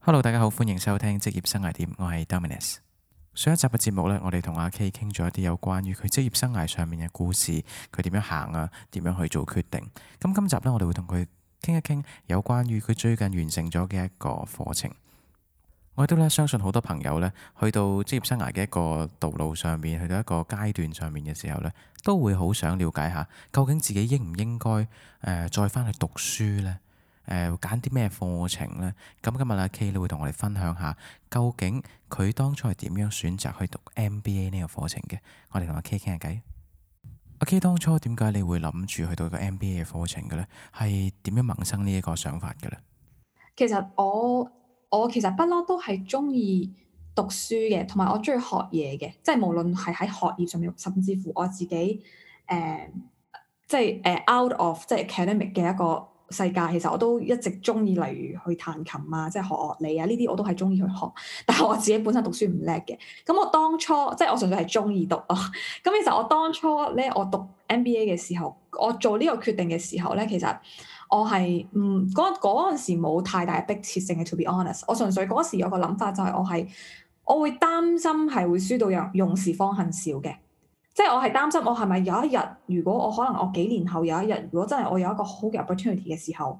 hello，大家好，歡迎收聽職業生涯點，我係 Dominus。上一集嘅節目呢，我哋同阿 K 傾咗一啲有關於佢職業生涯上面嘅故事，佢點樣行啊，點樣去做決定。咁今集呢，我哋會同佢傾一傾有關於佢最近完成咗嘅一個課程。我亦都呢相信好多朋友呢，去到職業生涯嘅一個道路上面，去到一個階段上面嘅時候呢，都會好想了解下，究竟自己應唔應該、呃、再翻去讀書呢？誒揀啲咩課程咧？咁今日阿 K 你會同我哋分享下，究竟佢當初係點樣選擇去讀 MBA 呢個課程嘅？我哋同阿 K 傾下偈。阿 K 當初點解你會諗住去到個 MBA 嘅課程嘅咧？係點樣萌生呢一個想法嘅咧？其實我我其實不嬲都係中意讀書嘅，同埋我中意學嘢嘅，即係無論係喺學業上面，甚至乎我自己誒、呃，即係誒 out of 即係 academic 嘅一個世界其實我都一直中意，例如去彈琴啊，即係學樂理啊，呢啲我都係中意去學。但係我自己本身讀書唔叻嘅，咁我當初即係我純粹係中意讀咯。咁 其實我當初咧，我讀 MBA 嘅時候，我做呢個決定嘅時候咧，其實我係唔嗰嗰陣時冇太大嘅迫切性嘅。To be honest，我純粹嗰時有個諗法就係我係我會擔心係會書到用用時方恨少嘅。即係我係擔心，我係咪有一日，如果我可能我幾年後有一日，如果真係我有一個好嘅 opportunity 嘅時候，誒、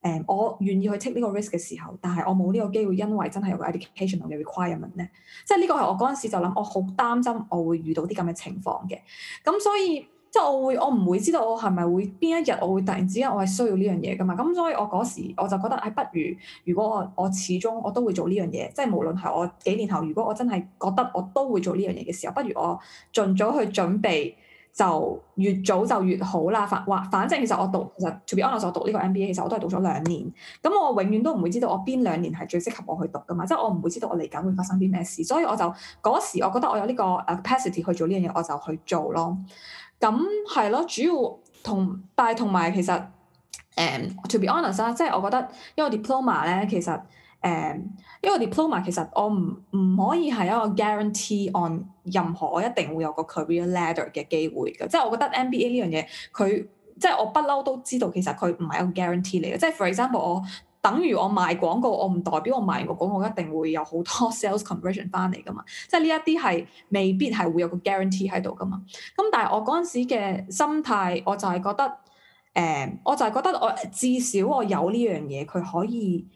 嗯，我願意去 take 呢個 risk 嘅時候，但係我冇呢個機會，因為真係有個 educational 嘅 requirement 咧。即係呢個係我嗰陣時就諗，我好擔心我會遇到啲咁嘅情況嘅。咁所以。即係我會，我唔會知道我係咪會邊一日，我會突然之間我係需要呢樣嘢㗎嘛？咁所以我嗰時我就覺得，係、哎、不如如果我我始終我都會做呢樣嘢，即係無論係我幾年後，如果我真係覺得我都會做呢樣嘢嘅時候，不如我盡早去準備，就越早就越好啦。反正其實我讀其實 to be honest，我讀呢個 MBA，其實我都係讀咗兩年。咁我永遠都唔會知道我邊兩年係最適合我去讀㗎嘛。即係我唔會知道我嚟緊會發生啲咩事，所以我就嗰時我覺得我有呢個 capacity 去做呢樣嘢，我就去做咯。咁係咯，主要同，但係同埋其實，誒、嗯，to be honest 啦，即係我覺得，因為 diploma 咧，其實，誒、嗯，因為 diploma 其實我唔唔可以係一個 guarantee on 任何我一定會有個 career ladder 嘅機會嘅，即係我覺得 MBA 呢樣嘢，佢即係我不嬲都知道其實佢唔係一個 guarantee 嚟嘅，即係 for example 我。等於我賣廣告，我唔代表我賣完個廣告一定會有好多 sales conversion 翻嚟噶嘛，即係呢一啲係未必係會有個 guarantee 喺度噶嘛。咁但係我嗰陣時嘅心態，我就係覺得，誒、呃，我就係覺得我至少我有呢樣嘢，佢可以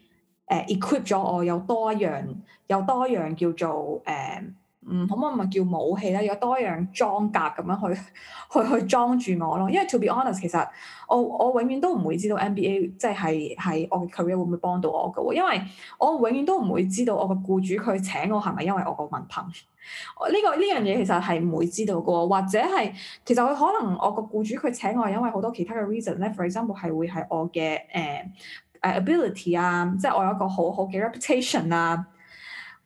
誒、呃、equip 咗我有多樣，有多樣叫做誒、呃嗯，可唔可以咪叫武器咧？有多樣裝甲咁樣去去去，去裝住我咯。因為 to be honest，其實我我永遠都唔會知道 MBA 即係係我嘅 career 會唔會幫到我嘅喎。因為我永遠都唔會知道我嘅僱主佢請我係咪因為我個文憑？呢個呢樣嘢其實係唔會知道嘅喎。或者係其實佢可能我個僱主佢請我係因為好多其他嘅 reason 咧。For example 係會係我嘅誒誒 ability 啊，即係我有一個好好嘅 reputation 啊。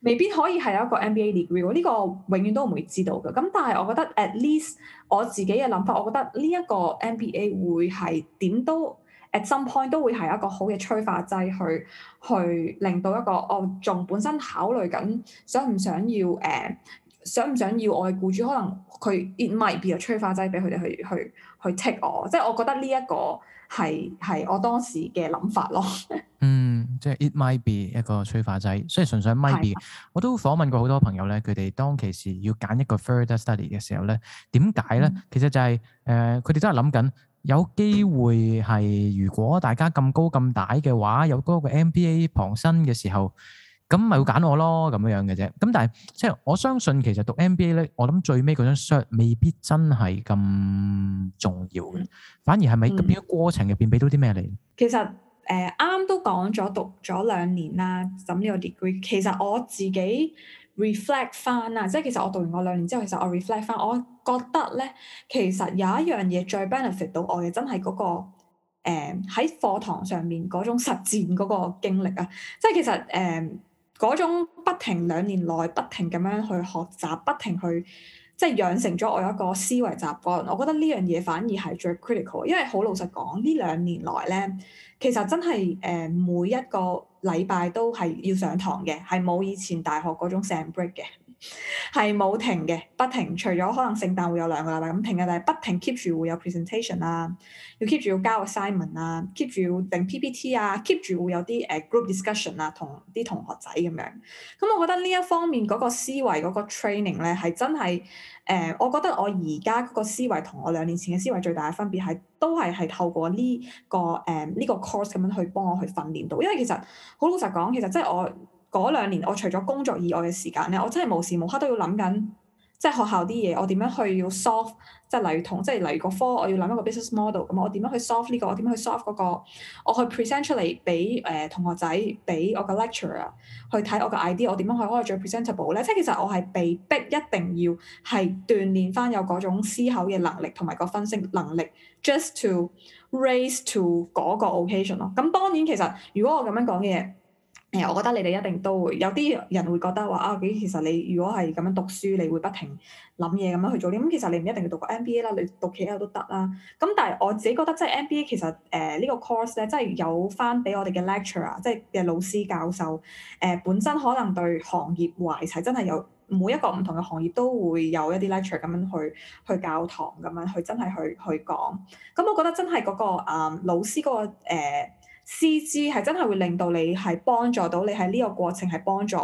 未必可以係有一個 MBA degree 喎，呢個永遠都唔會知道嘅。咁但係我覺得 at least 我自己嘅諗法，我覺得呢一個 MBA 會係點都 at some point 都會係一個好嘅催化劑，去去令到一個我仲、哦、本身考慮緊想唔想要誒、呃，想唔想要我嘅僱主可能佢 it might be a 催化劑俾佢哋去去去 take 我，即係我覺得呢一個係係我當時嘅諗法咯。嗯。即係 it might be 一個催化劑，所以純粹 maybe 我都訪問過好多朋友咧，佢哋當其時要揀一個 further study 嘅時候咧，點解咧？其實就係誒，佢哋真係諗緊有機會係，如果大家咁高咁大嘅話，有嗰個 MBA 傍身嘅時候，咁咪會揀我咯，咁樣樣嘅啫。咁但係即係我相信其實讀 MBA 咧，我諗最尾嗰張 shot 未必真係咁重要嘅，反而係咪特別過程入邊俾到啲咩嚟？其實。誒啱都講咗讀咗兩年啦，咁呢個 degree。其實我自己 reflect 翻啦，即係其實我讀完我兩年之後，其實我 reflect 翻，我覺得咧，其實有一樣嘢最 benefit 到我嘅，真係嗰、嗰個喺、呃、課堂上面嗰種實踐嗰個經歷啊！即係其實誒嗰、呃、種不停兩年內不停咁樣去學習，不停去。即係養成咗我有一個思維習慣，我覺得呢樣嘢反而係最 critical，因為好老實講，呢兩年來呢，其實真係誒每一個禮拜都係要上堂嘅，係冇以前大學嗰種 sem break 嘅。係冇停嘅，不停。除咗可能聖誕會有兩個禮拜咁停嘅，但係不停 keep 住會有 presentation 啊，要 keep 住要交 assignment 啊，keep 住要定 PPT 啊，keep 住會有啲誒 group discussion 啊，同啲同學仔咁樣。咁我覺得呢一方面嗰個思維嗰個 training 咧，係真係誒、呃，我覺得我而家嗰個思維同我兩年前嘅思維最大嘅分別係，都係係透過呢、這個誒呢、呃這個 course 咁樣去幫我去訓練到。因為其實好老實講，其實即係我。嗰兩年我除咗工作以外嘅時間咧，我真係無時無刻都要諗緊，即係學校啲嘢，我點樣去要 solve，即係例如同即係例如個科，我要諗一個 business model，咁我點樣去 solve 呢個？我點樣去 solve 嗰個？我去 present 出嚟俾誒同學仔，俾我個 lecturer 去睇我個 idea，我點樣去可以最 presentable 咧？即係其實我係被逼一定要係鍛鍊翻有嗰種思考嘅能力同埋個分析能力，just to raise to 嗰個 occasion 咯。咁當然其實如果我咁樣講嘅嘢。誒、嗯，我覺得你哋一定都會有啲人會覺得話啊，其實你如果係咁樣讀書，你會不停諗嘢咁樣去做啲。咁、嗯、其實你唔一定要讀個 MBA 啦，你讀其他都得啦。咁、嗯、但係我自己覺得，即係 MBA 其實誒呢、呃這個 course 咧，即係有返俾我哋嘅 lecturer，即係嘅老師教授誒、呃、本身可能對行業話題真係有每一個唔同嘅行業都會有一啲 lecturer 咁樣去去教堂咁樣去真係去去講。咁、嗯、我覺得真係嗰、那個啊、呃、老師嗰、那個、呃師資係真係會令到你係幫助到你喺呢個過程係幫助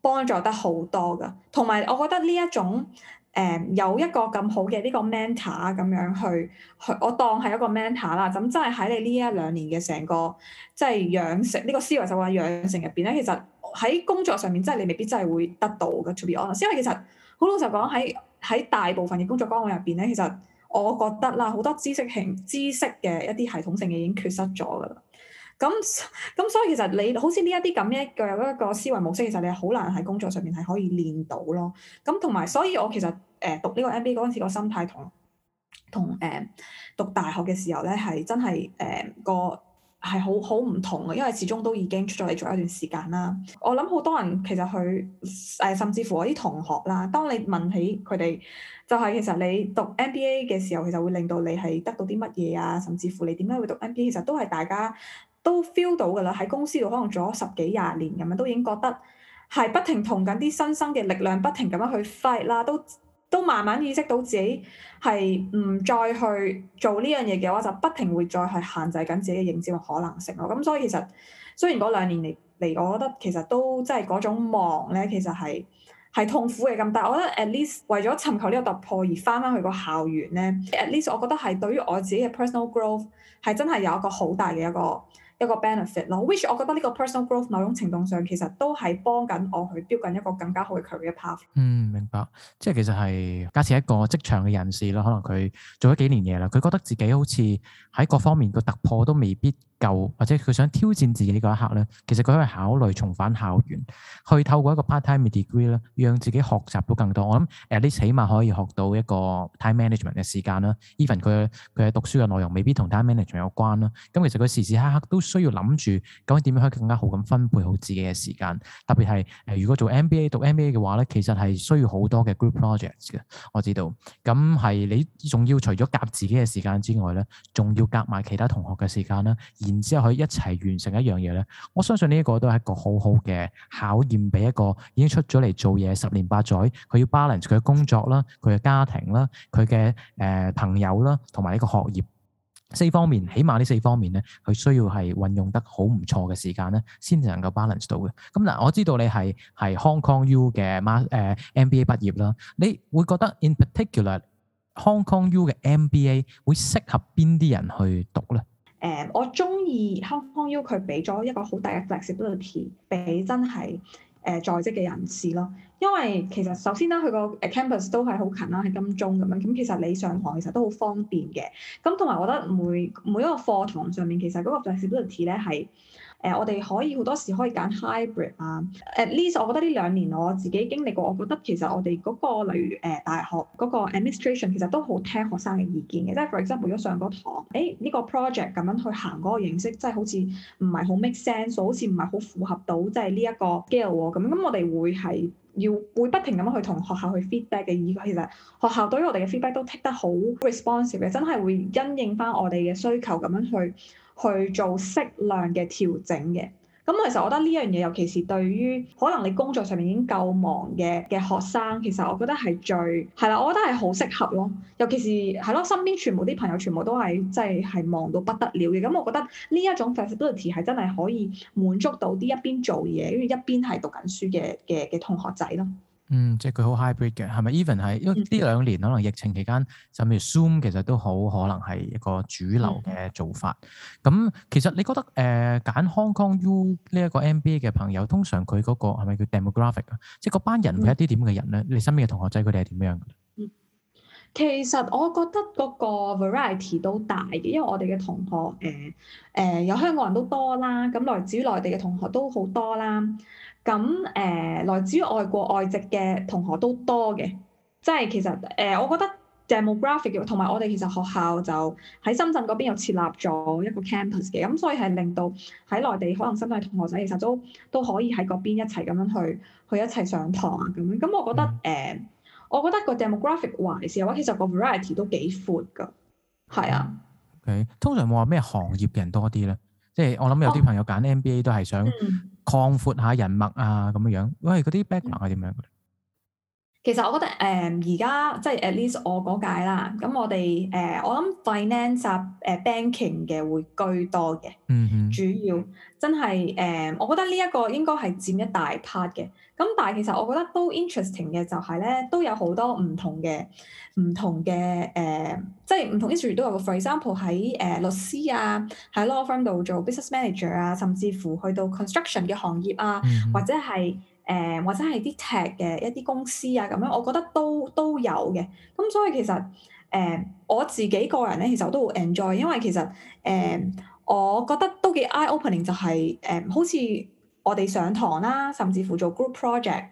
幫助得好多㗎，同埋我覺得呢一種誒、呃、有一個咁好嘅呢、這個 mentor 咁樣去去，我當係一個 mentor 啦。咁真係喺你呢一兩年嘅成個即係、就是、養成呢、這個思維習慣養成入邊咧，其實喺工作上面真係你未必真係會得到嘅。To be honest，因為其實好老實講喺喺大部分嘅工作崗位入邊咧，其實我覺得啦，好多知識性知識嘅一啲系統性嘅已經缺失咗㗎啦。咁咁所以其實你好似呢一啲咁一個一個思維模式，其實你好難喺工作上面係可以練到咯。咁同埋，所以我其實誒、呃、讀呢個 MBA 嗰陣時個心態，同同誒讀大學嘅時候咧，係真係誒、呃、個係好好唔同啊，因為始終都已經出咗嚟做一段時間啦。我諗好多人其實佢誒、呃、甚至乎我啲同學啦，當你問起佢哋，就係、是、其實你讀 MBA 嘅時候，其實會令到你係得到啲乜嘢啊？甚至乎你點解會讀 MBA？其實都係大家，都 feel 到㗎啦，喺公司度可能做咗十幾廿年咁樣，都已經覺得係不停同緊啲新生嘅力量不停咁樣去 fight 啦，都都慢慢意識到自己係唔再去做呢樣嘢嘅話，就不停會再去限制緊自己嘅認知同可能性咯。咁所以其實雖然嗰兩年嚟嚟，我覺得其實都真係嗰種忙咧，其實係係痛苦嘅。咁但係我覺得 at least 為咗尋求呢個突破而翻翻去個校園咧，at least 我覺得係對於我自己嘅 personal growth 係真係有一個好大嘅一個一個 benefit 咯，which 我覺得呢個 personal growth 某種程度上其實都係幫緊我去 build 緊一個更加好嘅 career path。嗯，明白，即係其實係假設一個職場嘅人士啦，可能佢做咗幾年嘢啦，佢覺得自己好似喺各方面嘅突破都未必。舊或者佢想挑戰自己嗰一刻咧，其實佢可以考慮重返校園，去透過一個 part-time degree 咧，讓自己學習到更多。我諗誒，你起碼可以學到一個 time management 嘅時間啦。even 佢佢喺讀書嘅內容未必同 time management 有關啦。咁其實佢時時刻刻都需要諗住究竟點樣可以更加好咁分配好自己嘅時間。特別係誒、呃，如果做 MBA 讀 MBA 嘅話咧，其實係需要好多嘅 group projects 嘅，我知道。咁係你仲要除咗夾自己嘅時間之外咧，仲要夾埋其他同學嘅時間啦。然之後可以一齊完成一樣嘢咧，我相信呢一個都係一個好好嘅考驗，俾一個已經出咗嚟做嘢十年八載，佢要 balance 佢嘅工作啦、佢嘅家庭啦、佢嘅誒朋友啦，同埋呢個學業四方面，起碼呢四方面咧，佢需要係運用得好唔錯嘅時間咧，先至能夠 balance 到嘅。咁、嗯、嗱，我知道你係係 Hong Kong U 嘅 MBA 畢業啦，你會覺得 in particular Hong Kong U 嘅 MBA 會適合邊啲人去讀呢？我中意康康 U 佢俾咗一個好大嘅 flexibility 俾真係誒、呃、在職嘅人士咯，因為其實首先啦，佢個 campus 都係好近啦，喺金鐘咁樣，咁其實你上堂其實都好方便嘅，咁同埋我覺得每每一個課堂上面其實嗰個 flexibility 咧係。誒、呃，我哋可以好多時可以揀 hybrid 啊。At least 我覺得呢兩年我自己經歷過，我覺得其實我哋嗰、那個例如誒、呃、大學嗰個 administration 其實都好聽學生嘅意見嘅。即係 for example，如果上嗰堂，誒、欸、呢、這個 project 咁樣去行嗰個形式，即係好似唔係好 make sense，好似唔係好符合到即係呢一個 scale 喎、喔。咁咁、嗯，我哋會係要會不停咁樣去同學校去 feedback 嘅意見。其實學校對於我哋嘅 feedback 都 take 得好 responsive 嘅，真係會因應返我哋嘅需求咁樣去。去做適量嘅調整嘅，咁其實我覺得呢樣嘢，尤其是對於可能你工作上面已經夠忙嘅嘅學生，其實我覺得係最係啦，我覺得係好適合咯，尤其是係咯，身邊全部啲朋友全部都係即係係忙到不得了嘅，咁、嗯、我覺得呢一種 flexibility 係真係可以滿足到啲一邊做嘢跟住一邊係讀緊書嘅嘅嘅同學仔咯。嗯，即係佢好 hybrid 嘅，係咪 even 係因為呢兩年可能疫情期間，甚至 a s,、嗯、Zoom 其實都好可能係一個主流嘅做法。咁、嗯、其實你覺得誒揀、呃、Hong Kong U 呢一個 MBA 嘅朋友，通常佢嗰個係咪叫 demographic 啊？即係嗰班人係一啲點嘅人咧？嗯、你身邊嘅同學仔佢哋係點樣嘅？其實我覺得嗰個 variety 都大嘅，因為我哋嘅同學誒誒、呃呃、有香港人都多啦，咁來自於內地嘅同學都好多啦。咁誒、呃，來自於外國外籍嘅同學都多嘅，即係其實誒、呃，我覺得 demographic 同埋我哋其實學校就喺深圳嗰邊又設立咗一個 campus 嘅，咁、嗯、所以係令到喺內地可能深圳同學仔其實都都可以喺嗰邊一齊咁樣去去一齊上堂啊咁樣，咁、嗯嗯、我覺得誒、呃，我覺得個 demographic wise 嘅話，wise, 其實個 variety 都幾闊噶，係啊。嗯、o、okay。通常冇話咩行業人多啲咧？即係我諗有啲朋友揀 MBA 都係想擴闊下人脈啊咁樣，喂嗰啲 background 係點樣嘅？嗯其實我覺得誒而家即係 at least 我嗰屆啦，咁我哋誒、呃、我諗 finance 啊、呃、banking 嘅會居多嘅，嗯哼主要真係誒、呃、我覺得呢一個應該係佔一大 part 嘅。咁但係其實我覺得都 interesting 嘅就係咧，都有好多唔同嘅唔同嘅誒、呃，即係唔同 industry 都有個 for example 喺誒律師啊，喺 law firm 度做 business manager 啊，甚至乎去到 construction 嘅行業啊，嗯、哼或者係，誒或者係啲 tag 嘅一啲公司啊咁樣，我覺得都都有嘅。咁所以其實誒、呃、我自己個人咧，其實我都會 enjoy，因為其實誒、呃、我覺得都幾 eye-opening，就係、是、誒、呃、好似我哋上堂啦，甚至乎做 group project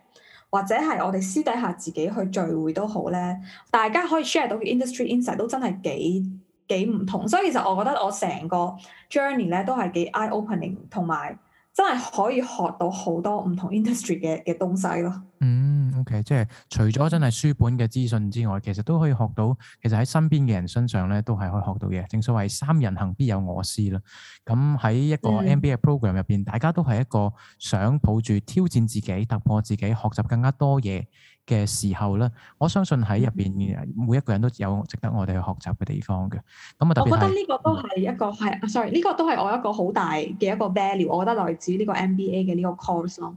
或者係我哋私底下自己去聚會都好咧，大家可以 share 到嘅 industry insight 都真係幾幾唔同。所以其實我覺得我成個 journey 咧都係幾 eye-opening，同埋。真係可以學到好多唔同 industry 嘅嘅東西囉～嗯，OK，即係除咗真係書本嘅資訊之外，其實都可以學到，其實喺身邊嘅人身上咧，都係可以學到嘢。正所謂三人行必有我師啦。咁喺一個 MBA program 入邊，大家都係一個想抱住挑戰自己、突破自己、學習更加多嘢嘅時候咧，我相信喺入邊每一個人都有值得我哋去學習嘅地方嘅。咁啊，我覺得呢個都係一個係，sorry，呢個都係我一個好大嘅一個 value。我覺得來自呢個 MBA 嘅呢個 course 咯，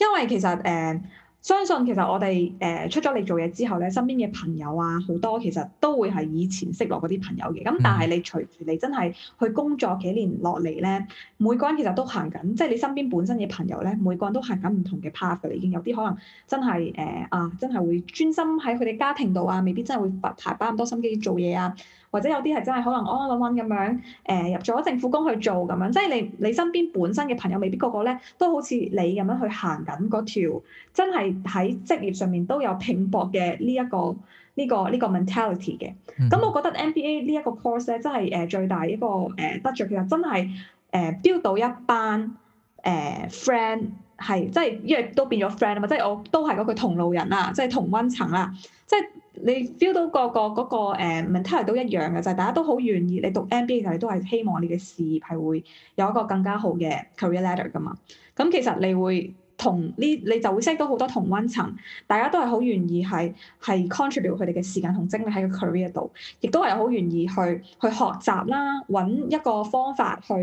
因為其實誒。Uh, 相信其實我哋誒、呃、出咗嚟做嘢之後咧，身邊嘅朋友啊好多，其實都會係以前識落嗰啲朋友嘅。咁、嗯、但係你隨住你真係去工作幾年落嚟咧，每個人其實都行緊，即、就、係、是、你身邊本身嘅朋友咧，每個人都行緊唔同嘅 path 噶啦。已經有啲可能真係誒、呃、啊，真係會專心喺佢哋家庭度啊，未必真係會排班咁多心機做嘢啊。或者有啲係真係可能安安穩穩咁樣，誒、呃、入咗政府工去做咁樣，即係你你身邊本身嘅朋友未必個個咧都好似你咁樣去行緊嗰條，真係喺職業上面都有拼搏嘅呢一個呢、呢個呢、呢個 mentality 嘅。咁、嗯、哼我覺得 MBA 呢一個 course 咧，真係誒、呃、最大一個誒得著嘅，真係誒 build 到一班誒 friend 係，即係因為都變咗 friend 啊嘛，即係我都係嗰個同路人啦，即係同温層啦，即係。你 feel 到、個個、個個嗰個誒 mental 都一樣嘅，就係、係、大家都好願意。你讀 MBA 其實你都係希望你嘅事業係會有一個更加好嘅 career ladder 噶嘛。咁其實你會同呢，你就會識到好多同温層，大家都係好願意係係 contribute 佢哋嘅時間同精力喺個 career 度，亦都係好願意去去學習啦，揾一個方法去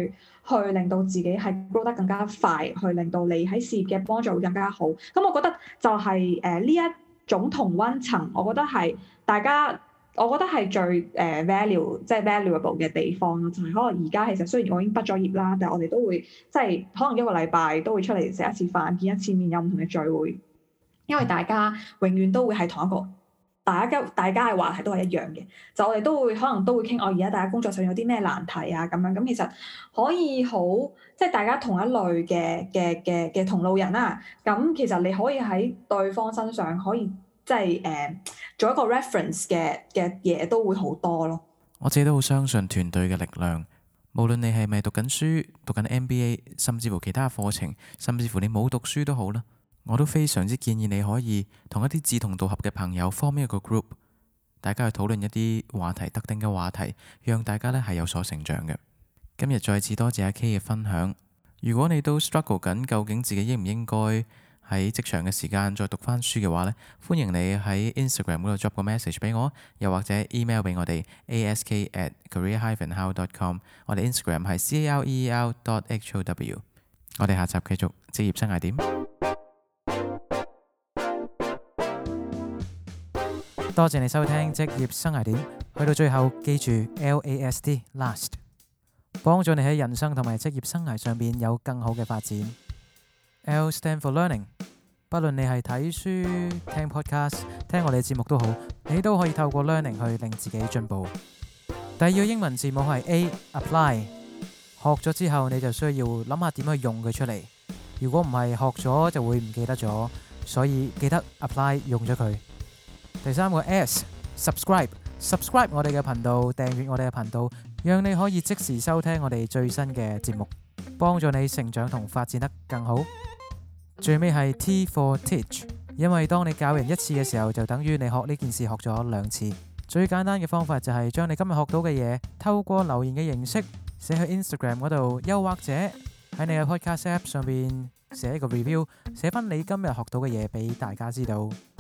去令到自己係 grow 得更加快，去令到你喺事業嘅幫助會更加好。咁我覺得就係誒呢一。總同溫層，我覺得係大家，我覺得係最誒 value，即係 valuable 嘅地方咯，就係、是、可能而家其實雖然我已經畢咗業啦，但係我哋都會即係可能一個禮拜都會出嚟食一次飯，見一次面，有唔同嘅聚會，因為大家永遠都會喺同一個。大家大家嘅話題都係一樣嘅，就我哋都會可能都會傾，我而家大家工作上有啲咩難題啊咁樣。咁其實可以好，即係大家同一類嘅嘅嘅嘅同路人啦。咁其實你可以喺對方身上可以即係誒、呃、做一個 reference 嘅嘅嘢都會好多咯。我自己都好相信團隊嘅力量，無論你係咪讀緊書、讀緊 MBA，甚至乎其他課程，甚至乎你冇讀書都好啦。我都非常之建議你可以同一啲志同道合嘅朋友 form 一個 group，大家去討論一啲話題，特定嘅話題，讓大家呢係有所成長嘅。今日再次多謝阿 K 嘅分享。如果你都 struggle 緊，究竟自己應唔應該喺職場嘅時間再讀翻書嘅話呢，歡迎你喺 Instagram 嗰度 drop 個 message 俾我，又或者 email 俾我哋 ask at c a、ah、r e e r hyphen h o w dot c o m。我哋 Instagram 係 career dot how。我哋下集繼續職業生涯點。多謝你收聽職業生涯點，去到最後記住 L A S T last，幫助你喺人生同埋職業生涯上面有更好嘅發展。L stand for learning，不論你係睇書、聽 podcast、聽我哋嘅節目都好，你都可以透過 learning 去令自己進步。第二個英文字母係 A apply，學咗之後你就需要諗下點去用佢出嚟。如果唔係學咗就會唔記得咗，所以記得 apply 用咗佢。第三個 S，subscribe，subscribe 我哋嘅頻道，訂閱我哋嘅頻道，讓你可以即時收聽我哋最新嘅節目，幫助你成長同發展得更好。最尾係 T for teach，因為當你教人一次嘅時候，就等於你學呢件事學咗兩次。最簡單嘅方法就係將你今日學到嘅嘢，透過留言嘅形式寫去 Instagram 嗰度，又或者喺你嘅 Podcast app 上面寫一個 review，寫翻你今日學到嘅嘢俾大家知道。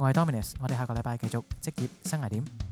我係 Dominus，我哋下個禮拜繼續職業生涯點。